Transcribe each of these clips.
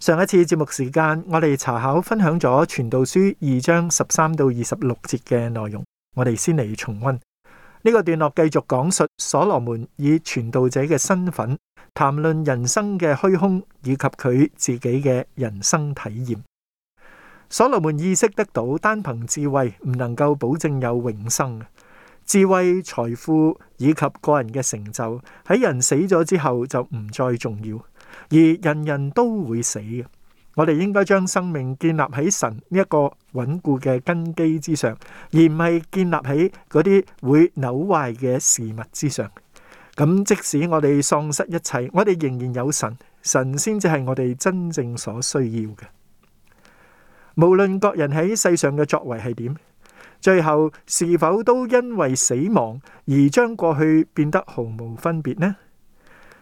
上一次節目時間，我哋查考分享咗《傳道書》二章十三到二十六節嘅內容，我哋先嚟重溫。呢個段落繼續講述所羅門以傳道者嘅身份談論人生嘅虛空，以及佢自己嘅人生體驗。所羅門意識得到，單憑智慧唔能夠保證有永生。智慧、財富以及個人嘅成就喺人死咗之後就唔再重要。而人人都會死嘅，我哋應該將生命建立喺神呢一個穩固嘅根基之上，而唔係建立喺嗰啲會扭壞嘅事物之上。咁即使我哋喪失一切，我哋仍然有神，神先至係我哋真正所需要嘅。無論各人喺世上嘅作為係點，最後是否都因為死亡而將過去變得毫無分別呢？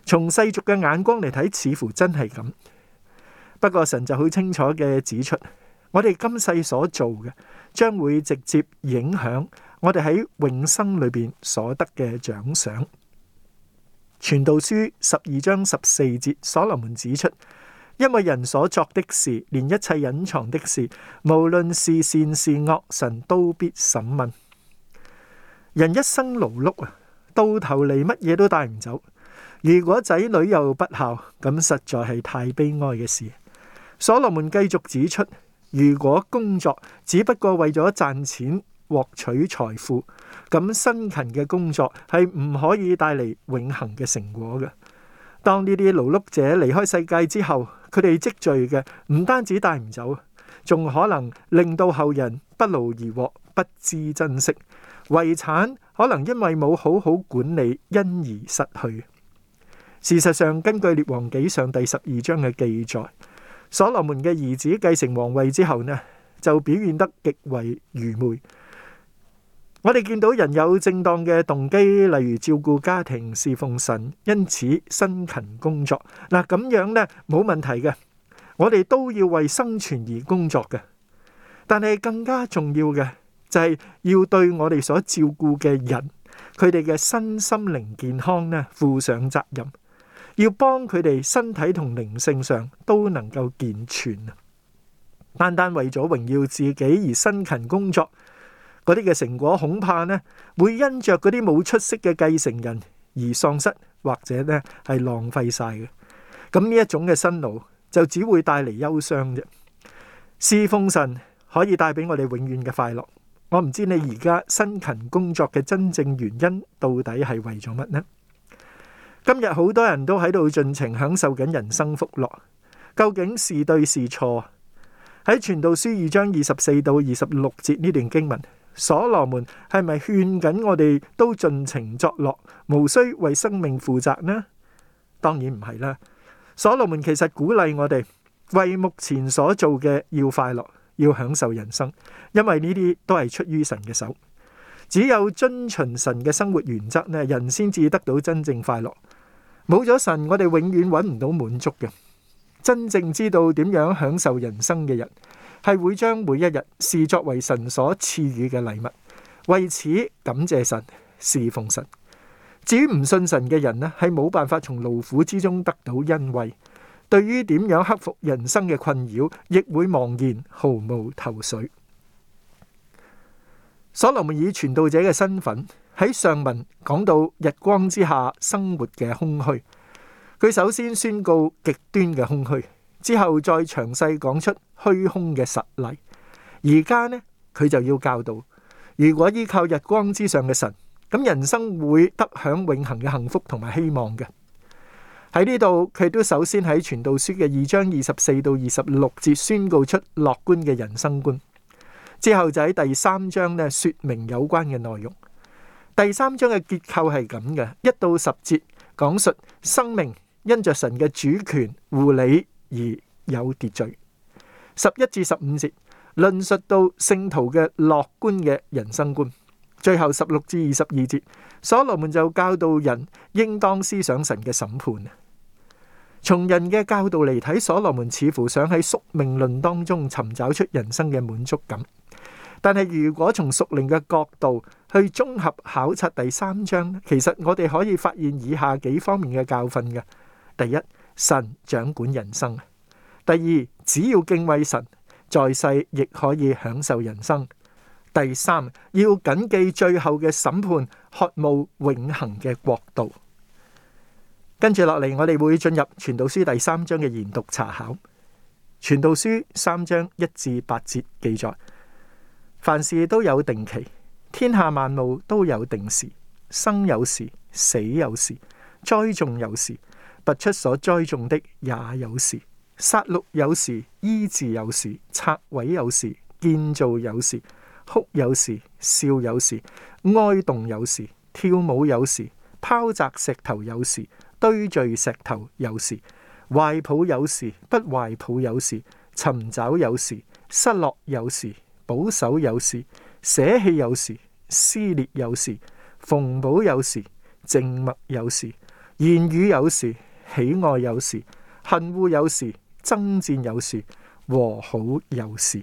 從世俗嘅眼光嚟睇，似乎真係咁。不過神就好清楚嘅指出，我哋今世所做嘅，將會直接影響我哋喺永生裏邊所得嘅獎賞。傳道書十二章十四節，所羅門指出，因為人所作的事，連一切隱藏的事，無論是善是惡神，神都必審問。人一生勞碌啊，到頭嚟乜嘢都帶唔走。如果仔女又不孝，咁實在係太悲哀嘅事。所羅門繼續指出，如果工作只不過為咗賺錢、獲取財富，咁辛勤嘅工作係唔可以帶嚟永恒嘅成果嘅。當呢啲勞碌者離開世界之後，佢哋積聚嘅唔單止帶唔走，仲可能令到後人不勞而獲，不知珍惜。遺產可能因為冇好好管理因而失去。事實上，根據列王紀上第十二章嘅記載，所羅門嘅兒子繼承皇位之後呢，就表現得極為愚昧。我哋見到人有正當嘅動機，例如照顧家庭、侍奉神，因此辛勤工作。嗱，咁樣呢冇問題嘅。我哋都要為生存而工作嘅，但係更加重要嘅就係要對我哋所照顧嘅人，佢哋嘅身心靈健康呢負上責任。要幫佢哋身體同靈性上都能夠健全啊！單單為咗榮耀自己而辛勤工作，嗰啲嘅成果恐怕呢會因着嗰啲冇出息嘅繼承人而喪失，或者呢係浪費晒嘅。咁呢一種嘅辛勞就只會帶嚟憂傷啫。侍奉神可以帶俾我哋永遠嘅快樂。我唔知你而家辛勤工作嘅真正原因到底係為咗乜呢？今日好多人都喺度盡情享受緊人生福樂，究竟是對是錯？喺《傳道書》二章二十四到二十六節呢段經文，所羅門係咪勸緊我哋都盡情作樂，無需為生命負責呢？當然唔係啦。所羅門其實鼓勵我哋為目前所做嘅要快樂，要享受人生，因為呢啲都係出於神嘅手。只有遵循神嘅生活原則咧，人先至得到真正快樂。冇咗神，我哋永遠揾唔到滿足嘅。真正知道點樣享受人生嘅人，係會將每一日視作為神所賜予嘅禮物，為此感謝神，侍奉神。至於唔信神嘅人呢，係冇辦法從勞苦之中得到恩惠。對於點樣克服人生嘅困擾，亦會茫然毫無頭緒。所羅門以傳道者嘅身份，喺上文講到日光之下生活嘅空虛，佢首先宣告極端嘅空虛，之後再詳細講出虛空嘅實例。而家呢，佢就要教導，如果依靠日光之上嘅神，咁人生會得享永恒嘅幸福同埋希望嘅。喺呢度，佢都首先喺《傳道書》嘅二章二十四到二十六節宣告出樂觀嘅人生觀，之後就喺第三章呢，說明有關嘅內容。第三章嘅結構係咁嘅，一到十節講述生命因着神嘅主權護理而有秩序；十一至十五節論述到聖徒嘅樂觀嘅人生觀；最後十六至二十二節，所羅門就教導人應當思想神嘅審判。從人嘅教導嚟睇，所羅門似乎想喺宿命論當中尋找出人生嘅滿足感。但係，如果從屬靈嘅角度去綜合考察第三章，其實我哋可以發現以下幾方面嘅教訓嘅：第一，神掌管人生；第二，只要敬畏神，在世亦可以享受人生；第三，要謹記最後嘅審判，渴慕永恒嘅國度。跟住落嚟，我哋會進入《傳道書》第三章嘅研讀查考，《傳道書》三章一至八節記載。凡事都有定期，天下萬物都有定時。生有時，死有時；栽種有時，拔出所栽種的也有時；殺戮有時，醫治有時；拆毀有時，建造有時；哭有時，笑有時；哀慟有時，跳舞有時；拋擲石頭有時，堆聚石頭有時；懷抱有時，不懷抱有時；尋找有時，失落有時。保守有時，捨棄有時，撕裂有時，縫補有時，靜默有時，言語有時，喜愛有時，恨惡有時，爭戰有時，和好有時。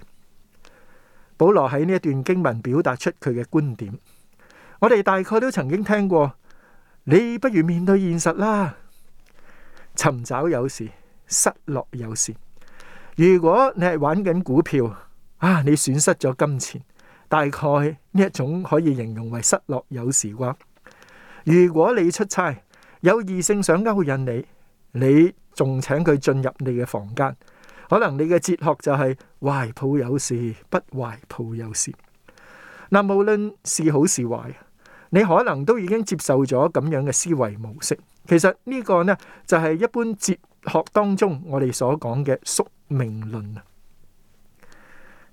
保羅喺呢一段經文表達出佢嘅觀點。我哋大概都曾經聽過，你不如面對現實啦。尋找有時，失落有時。如果你係玩緊股票。啊！你損失咗金錢，大概呢一種可以形容為失落有時啩。如果你出差有異性想勾引你，你仲請佢進入你嘅房間，可能你嘅哲學就係、是、懷抱有時，不懷抱有時。嗱，無論是好是壞，你可能都已經接受咗咁樣嘅思維模式。其實呢個呢就係、是、一般哲學當中我哋所講嘅宿命論。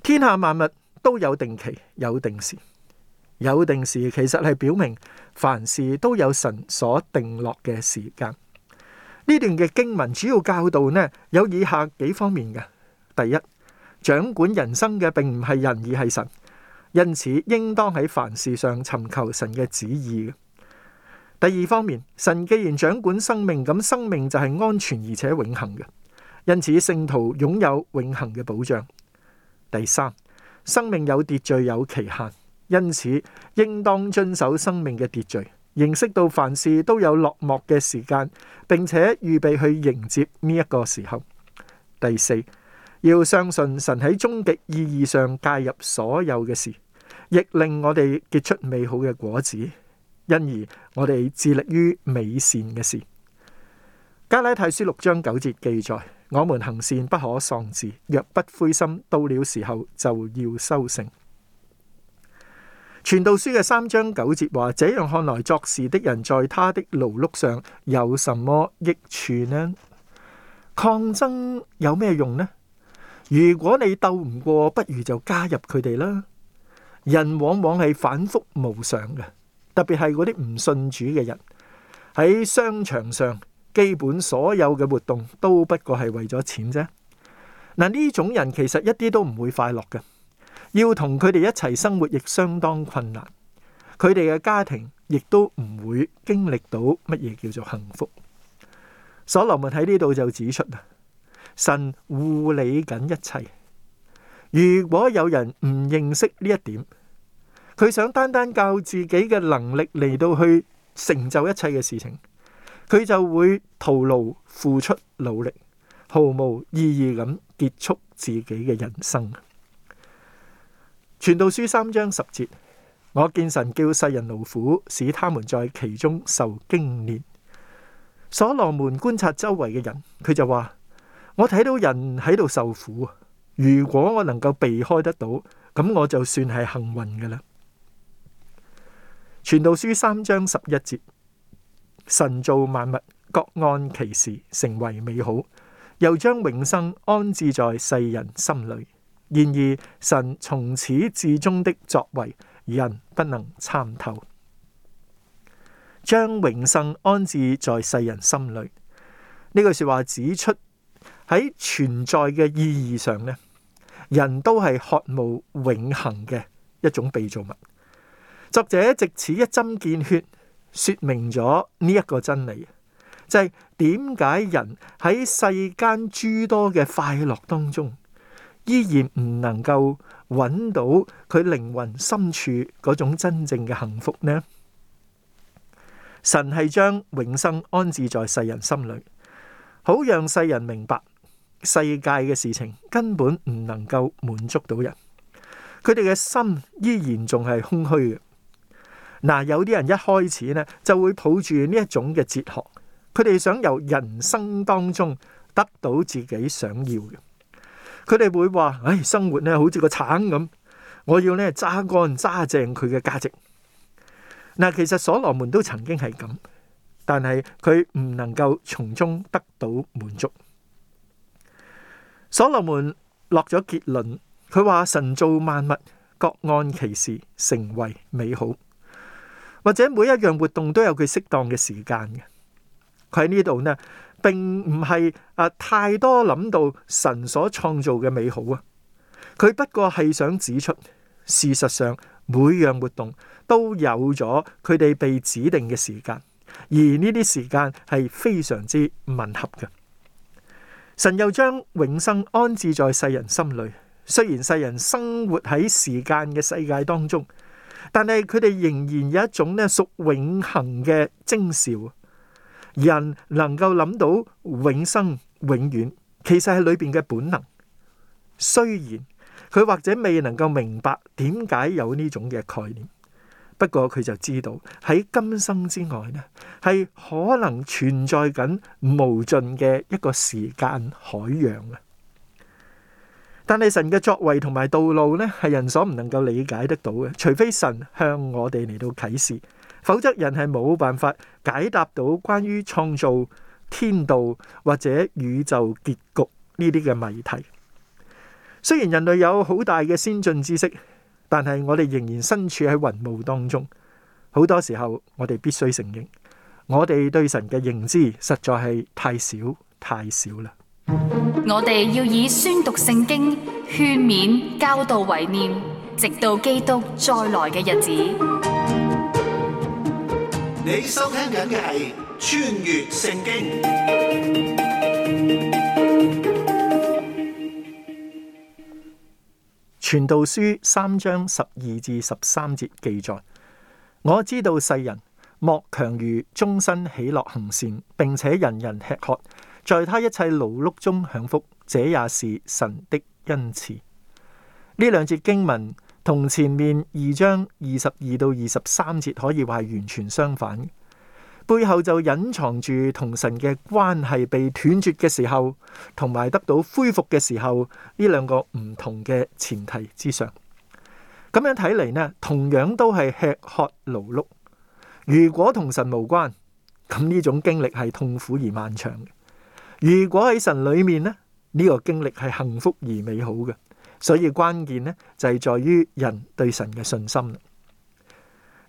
天下萬物都有定期，有定時，有定時其實係表明凡事都有神所定落嘅時間。呢段嘅經文主要教導呢有以下幾方面嘅：第一，掌管人生嘅並唔係人而係神，因此應當喺凡事上尋求神嘅旨意。第二方面，神既然掌管生命，咁生命就係安全而且永恒嘅，因此聖徒擁有永恒嘅保障。第三，生命有秩序，有期限，因此應當遵守生命嘅秩序，認識到凡事都有落幕嘅時間，並且預備去迎接呢一個時候。第四，要相信神喺終極意義上介入所有嘅事，亦令我哋結出美好嘅果子，因而我哋致力於美善嘅事。加拉太書六章九節記載。我們行善不可喪志，若不灰心，到了時候就要收成。傳道書嘅三章九節話：這樣看來，作事的人在他的勞碌上有什麼益處呢？抗爭有咩用呢？如果你鬥唔過，不如就加入佢哋啦。人往往係反覆無常嘅，特別係嗰啲唔信主嘅人，喺商場上。基本所有嘅活動都不過係為咗錢啫。嗱，呢種人其實一啲都唔會快樂嘅，要同佢哋一齊生活亦相當困難，佢哋嘅家庭亦都唔會經歷到乜嘢叫做幸福。所羅門喺呢度就指出，神護理緊一切。如果有人唔認識呢一點，佢想單單靠自己嘅能力嚟到去成就一切嘅事情，佢就會徒勞付出努力，毫無意義咁結束自己嘅人生。傳道書三章十節，我見神叫世人勞苦，使他們在其中受經練。所羅門觀察周圍嘅人，佢就話：我睇到人喺度受苦，如果我能夠避開得到，咁我就算係幸運噶啦。傳道書三章十一節。神造萬物，各按其時，成為美好；又將永生安置在世人心裏。然而，神從始至終的作為，人不能參透。將永生安置在世人心裏，呢句說話指出喺存在嘅意義上呢，人都係渴慕永恆嘅一種被造物。作者藉此一針見血。說明咗呢一個真理，就係點解人喺世間諸多嘅快樂當中，依然唔能夠揾到佢靈魂深處嗰種真正嘅幸福呢？神係將永生安置在世人心裏，好讓世人明白世界嘅事情根本唔能夠滿足到人，佢哋嘅心依然仲係空虛嘅。嗱，有啲人一開始咧就會抱住呢一種嘅哲學，佢哋想由人生當中得到自己想要嘅。佢哋會話：唉、哎，生活咧好似個橙咁，我要咧揸乾揸淨佢嘅價值。嗱，其實所羅門都曾經係咁，但係佢唔能夠從中得到滿足。所羅門落咗結論，佢話神造萬物，各按其時成為美好。或者每一樣活動都有佢適當嘅時間嘅，佢喺呢度呢，並唔係啊太多諗到神所創造嘅美好啊，佢不過係想指出，事實上每樣活動都有咗佢哋被指定嘅時間，而呢啲時間係非常之吻合嘅。神又將永生安置在世人心裏，雖然世人生活喺時間嘅世界當中。但係佢哋仍然有一種咧屬永恆嘅徵兆，人能夠諗到永生永遠，其實係裏邊嘅本能。雖然佢或者未能夠明白點解有呢種嘅概念，不過佢就知道喺今生之外咧，係可能存在緊無盡嘅一個時間海洋嘅。但係神嘅作為同埋道路咧，係人所唔能夠理解得到嘅。除非神向我哋嚟到啟示，否則人係冇辦法解答到關於創造天道或者宇宙結局呢啲嘅謎題。雖然人類有好大嘅先進知識，但係我哋仍然身處喺雲霧當中。好多時候，我哋必須承認，我哋對神嘅認知實在係太少太少啦。我哋要以宣讀聖經、勸勉、教導為念，直到基督再來嘅日子。你收聽緊嘅係《穿越聖經》。傳道書三章十二至十三節記載：我知道世人莫強如終身喜樂行善，並且人人吃喝。在他一切勞碌中享福，這也是神的恩賜。呢兩節經文同前面二章二十二到二十三節可以話係完全相反，背後就隱藏住同神嘅關係被斷絕嘅時候，同埋得到恢復嘅時候呢兩個唔同嘅前提之上。咁樣睇嚟呢，同樣都係吃喝勞碌。如果同神無關，咁呢種經歷係痛苦而漫長嘅。如果喺神裏面咧，呢、呢個經歷係幸福而美好嘅，所以關鍵呢，就係、是、在於人對神嘅信心。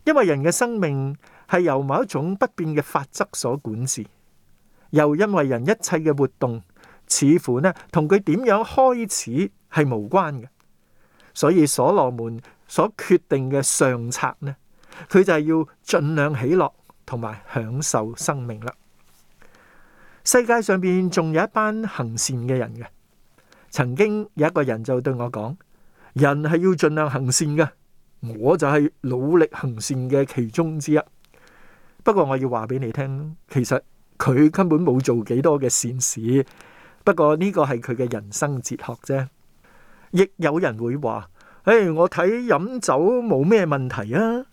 因為人嘅生命係由某一種不變嘅法則所管治，又因為人一切嘅活動似乎呢，同佢點樣開始係無關嘅，所以所羅門所決定嘅上策呢，佢就係要盡量喜樂同埋享受生命啦。世界上邊仲有一班行善嘅人嘅，曾經有一個人就對我講：人係要盡量行善嘅，我就係努力行善嘅其中之一。不過我要話俾你聽，其實佢根本冇做幾多嘅善事。不過呢個係佢嘅人生哲學啫。亦有人會話：誒，我睇飲酒冇咩問題啊。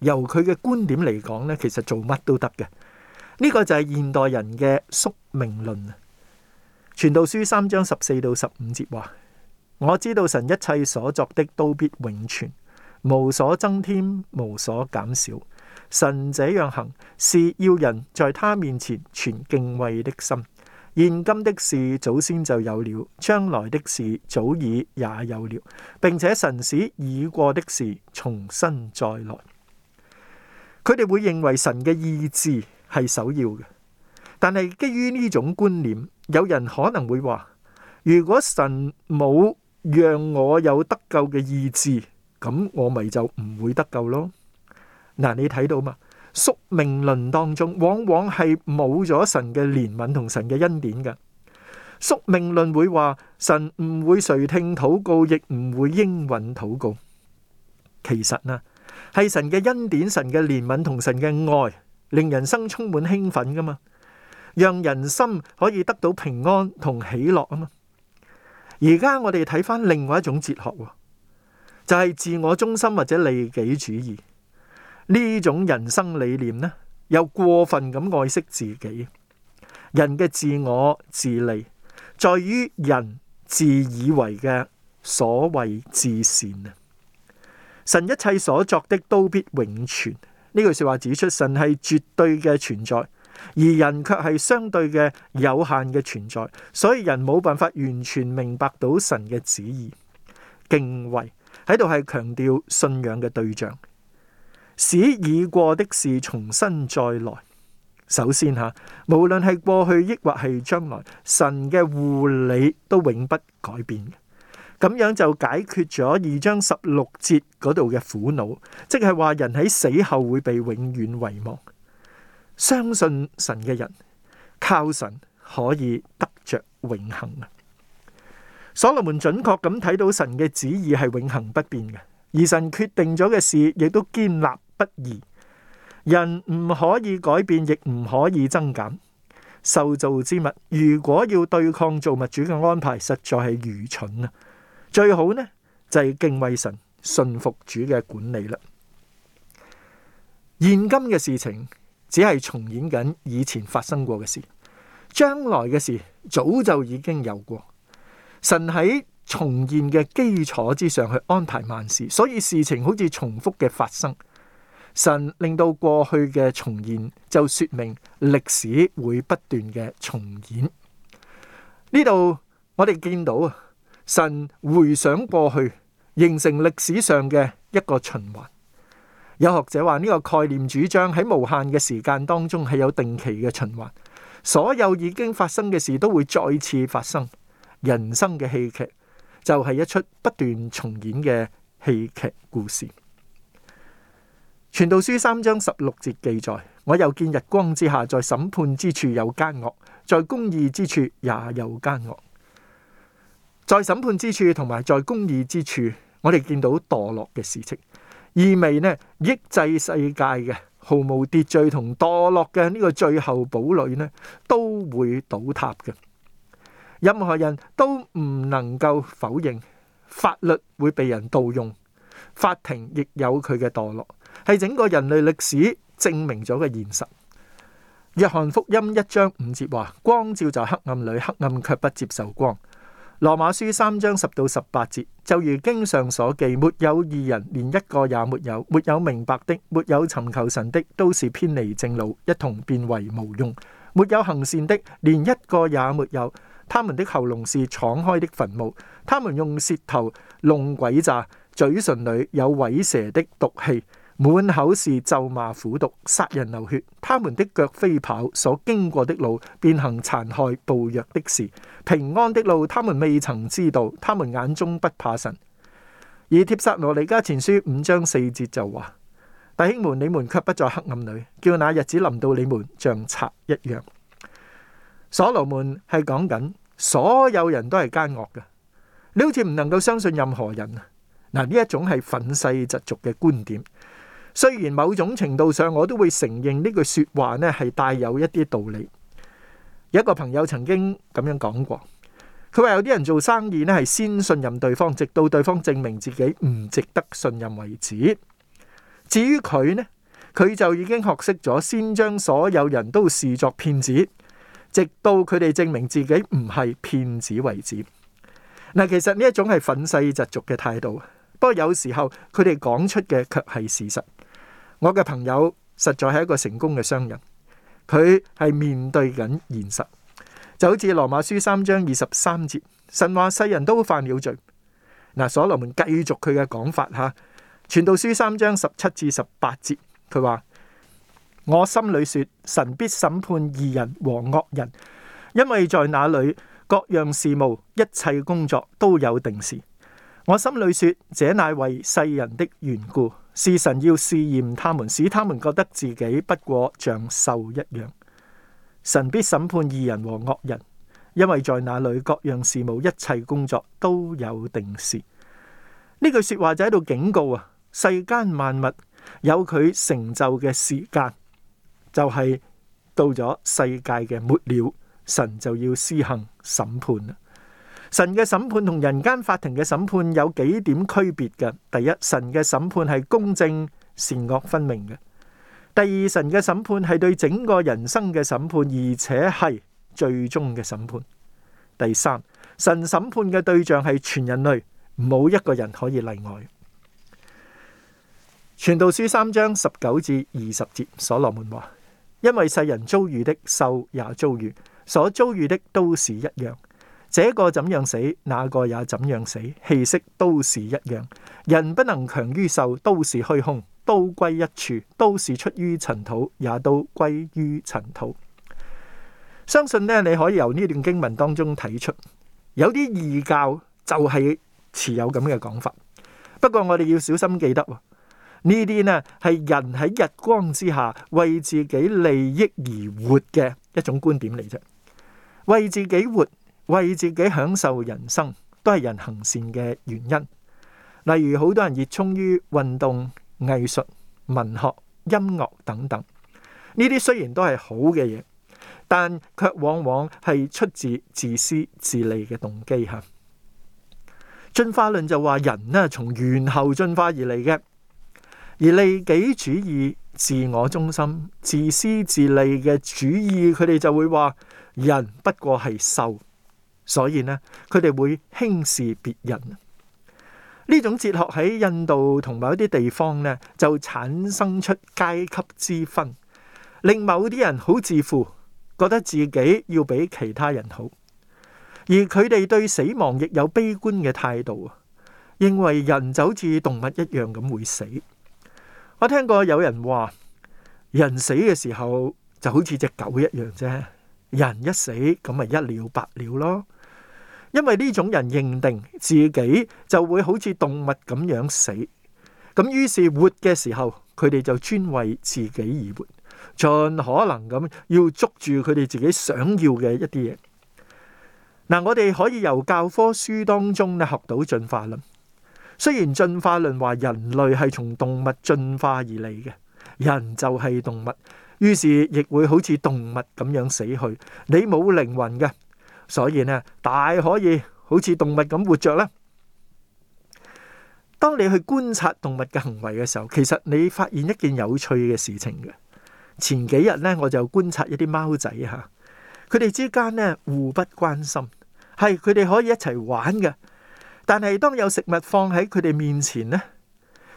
由佢嘅觀點嚟講呢，其實做乜都得嘅。呢個就係現代人嘅宿命論啊！傳道書三章十四到十五節話：我知道神一切所作的都必永存，無所增添，無所減少。神這樣行，是要人在他面前存敬畏的心。現今的事，早先就有了；將來的事，早已也有了，並且神使已過的事重新再來。佢哋會認為神嘅意志係首要嘅，但係基於呢種觀念，有人可能會話：如果神冇讓我有得救嘅意志，咁我咪就唔會得救咯。嗱，你睇到嘛？宿命論當中往往係冇咗神嘅憐憫同神嘅恩典嘅。宿命論會話神唔會垂聽禱告，亦唔會應允禱告。其實啊～係神嘅恩典、神嘅憐憫同神嘅愛，令人生充滿興奮噶嘛，讓人心可以得到平安同喜樂啊嘛！而家我哋睇返另外一種哲學，就係自我中心或者利己主義。呢種人生理念呢，又過分咁愛惜自己。人嘅自我自利，在於人自以為嘅所謂自善啊！神一切所作的都必永存，呢句說話指出神係絕對嘅存在，而人却係相對嘅有限嘅存在，所以人冇辦法完全明白到神嘅旨意。敬畏喺度係強調信仰嘅對象，使已過的事重新再來。首先吓，無論係過去抑或係將來，神嘅護理都永不改變。咁樣就解決咗二章十六節嗰度嘅苦惱，即係話人喺死後會被永遠遺忘。相信神嘅人靠神可以得着永恆啊！所羅門準確咁睇到神嘅旨意係永恆不變嘅，而神決定咗嘅事亦都堅立不移。人唔可以改變，亦唔可以增減受造之物。如果要對抗造物主嘅安排，實在係愚蠢啊！最好呢就係、是、敬畏神、信服主嘅管理啦。現今嘅事情只係重演緊以前發生過嘅事，將來嘅事早就已經有過。神喺重現嘅基礎之上去安排萬事，所以事情好似重複嘅發生。神令到過去嘅重，重現，就說明歷史會不斷嘅重演。呢度我哋見到啊。神回想過去，形成歷史上嘅一個循環。有學者話呢個概念主張喺無限嘅時間當中係有定期嘅循環，所有已經發生嘅事都會再次發生。人生嘅戲劇就係一出不斷重演嘅戲劇故事。傳道書三章十六節記載：我又見日光之下，在審判之處有奸惡，在公義之處也有奸惡。在審判之處同埋在公義之處，我哋見到墮落嘅事情，意味呢抑制世界嘅毫無秩序同墮落嘅呢個最後堡壘呢都會倒塌嘅。任何人都唔能夠否認，法律會被人盜用，法庭亦有佢嘅墮落，係整個人類歷史證明咗嘅現實。約翰福音一章五節話：光照就喺黑暗裏，黑暗卻不接受光。羅馬書三章十到十八節，就如經上所記，沒有義人，連一個也沒有；沒有明白的，沒有尋求神的，都是偏離正路，一同變為無用；沒有行善的，連一個也沒有。他們的喉嚨是敞開的墳墓，他們用舌頭弄詭詐，嘴唇裏有虺蛇的毒氣。滿口是咒罵、苦毒、殺人、流血，他們的腳飛跑，所經過的路，變行殘害、暴虐的事。平安的路，他們未曾知道。他們眼中不怕神。而帖撒羅尼迦前書五章四節就話，弟兄們，你們卻不在黑暗裏，叫那日子臨到你們像賊一樣。所羅門係講緊所有人都係奸惡嘅，你好似唔能夠相信任何人。嗱，呢一種係憤世嫉俗嘅觀點。雖然某種程度上，我都會承認呢句説話咧係帶有一啲道理。有一個朋友曾經咁樣講過，佢話有啲人做生意咧係先信任對方，直到對方證明自己唔值得信任為止。至於佢呢，佢就已經學識咗先將所有人都視作騙子，直到佢哋證明自己唔係騙子為止。嗱，其實呢一種係憤世嫉俗嘅態度。不過有時候佢哋講出嘅卻係事實。我嘅朋友實在係一個成功嘅商人，佢係面對緊現實，就好似羅馬書三章二十三節，神話世人都犯了罪。嗱，所羅門繼續佢嘅講法吓，傳道書三章十七至十八節，佢話：我心裏說，神必審判義人和惡人，因為在那裏各樣事務、一切工作都有定時。我心裏說，這乃為世人的緣故。是神要試驗他們，使他們覺得自己不過像獸一樣。神必審判義人和惡人，因為在那裏各樣事務、一切工作都有定時。呢句說話就喺度警告啊！世間萬物有佢成就嘅時間，就係到咗世界嘅末了，神就要施行審判。神嘅審判同人間法庭嘅審判有幾點區別嘅？第一，神嘅審判係公正善惡分明嘅；第二，神嘅審判係對整個人生嘅審判，而且係最終嘅審判；第三，神審判嘅對象係全人類，冇一個人可以例外。傳道書三章十九至二十節所羅門話：因為世人遭遇的獸也遭遇，所遭遇的都是一樣。這個怎樣死，那個也怎樣死，氣息都是一樣。人不能強於獸，都是虛空，都歸一處，都是出於塵土，也都歸於塵土。相信咧，你可以由呢段經文當中睇出，有啲異教就係持有咁嘅講法。不過我哋要小心記得，呢啲呢係人喺日光之下為自己利益而活嘅一種觀點嚟啫，為自己活。為自己享受人生都係人行善嘅原因，例如好多人熱衷於運動、藝術、文學、音樂等等，呢啲雖然都係好嘅嘢，但卻往往係出自自私自利嘅動機吓。進化論就話人呢從猿猴進化而嚟嘅，而利己主義、自我中心、自私自利嘅主義，佢哋就會話人不過係獸。所以呢，佢哋會輕視別人。呢種哲學喺印度同某一啲地方呢，就產生出階級之分，令某啲人好自負，覺得自己要比其他人好。而佢哋對死亡亦有悲觀嘅態度啊，認為人就好似動物一樣咁會死。我聽過有人話，人死嘅時候就好似隻狗一樣啫。人一死，咁咪一了百了咯。因為呢種人認定自己就會好似動物咁樣死，咁於是活嘅時候佢哋就專為自己而活，盡可能咁要捉住佢哋自己想要嘅一啲嘢。嗱，我哋可以由教科書當中咧學到進化論。雖然進化論話人類係從動物進化而嚟嘅，人就係動物，於是亦會好似動物咁樣死去。你冇靈魂嘅。所以呢，大可以好似動物咁活着啦。當你去觀察動物嘅行為嘅時候，其實你發現一件有趣嘅事情嘅。前幾日呢，我就觀察一啲貓仔吓，佢哋之間呢，互不關心，係佢哋可以一齊玩嘅。但係當有食物放喺佢哋面前呢，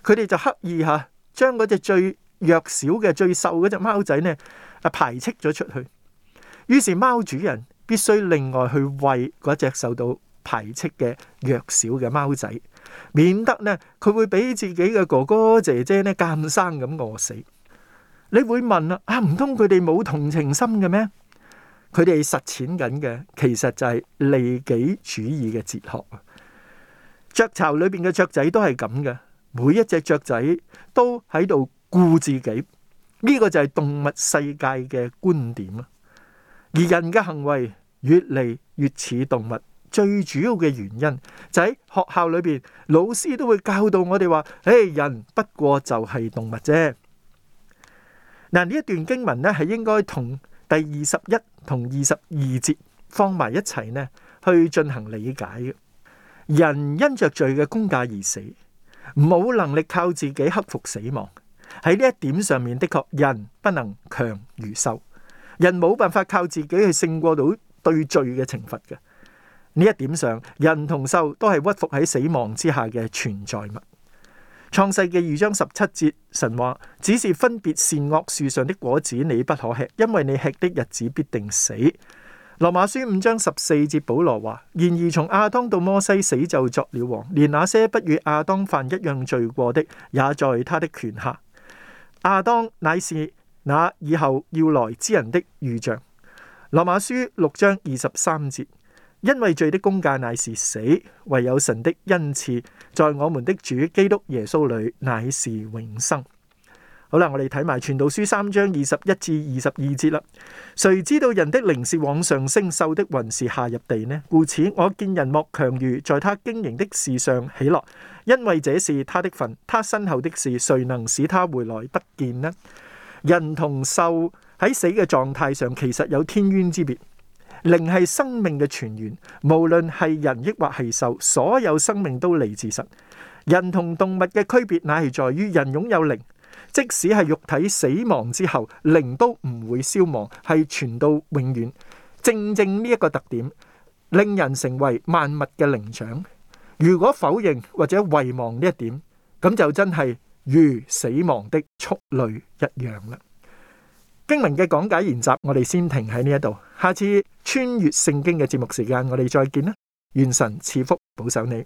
佢哋就刻意吓將嗰隻最弱小嘅，最瘦嗰隻貓仔呢啊排斥咗出去。於是貓主人，必須另外去餵嗰隻受到排斥嘅弱小嘅貓仔，免得呢佢會俾自己嘅哥哥姐姐呢監生咁餓死。你會問啦，啊，唔通佢哋冇同情心嘅咩？佢哋實踐緊嘅，其實就係利己主義嘅哲學。雀巢裏邊嘅雀仔都係咁嘅，每一隻雀仔都喺度顧自己，呢個就係動物世界嘅觀點啦。而人嘅行為越嚟越似動物，最主要嘅原因就喺學校裏邊，老師都會教導我哋話：誒，人不過就係動物啫。嗱，呢一段經文咧係應該同第二十一同二十二節放埋一齊呢去進行理解嘅。人因着罪嘅工價而死，冇能力靠自己克服死亡。喺呢一點上面，的確人不能強如獸。人冇辦法靠自己去勝過到對罪嘅懲罰嘅。呢一點上，人同獸都係屈服喺死亡之下嘅存在物。創世記二章十七節神話，只是分別善惡樹上的果子你不可吃，因為你吃的日子必定死。羅馬書五章十四節保羅話：然而從亞當到摩西死就作了王，連那些不與亞當犯一樣罪過的也在他的權下。亞當乃是。那以後要來之人的預像，羅馬書六章二十三節：，因為罪的工價乃是死，唯有神的恩賜在我們的主基督耶穌裡乃是永生。好啦，我哋睇埋傳道書三章二十一至二十二節啦。誰知道人的靈是往上升，獸的魂是下入地呢？故此，我見人莫強如在他經營的事上喜樂，因為這是他的份。他身後的事，誰能使他回來得見呢？人同獸喺死嘅狀態上，其實有天淵之別。靈係生命嘅泉源，無論係人抑或係獸，所有生命都嚟自神。人同動物嘅區別，乃係在於人擁有靈，即使係肉體死亡之後，靈都唔會消亡，係存到永遠。正正呢一個特點，令人成為萬物嘅靈長。如果否認或者遺忘呢一點，咁就真係。如死亡的畜類一樣啦！經文嘅講解研習，我哋先停喺呢一度。下次穿越聖經嘅節目時間，我哋再見啦！願神賜福保守你。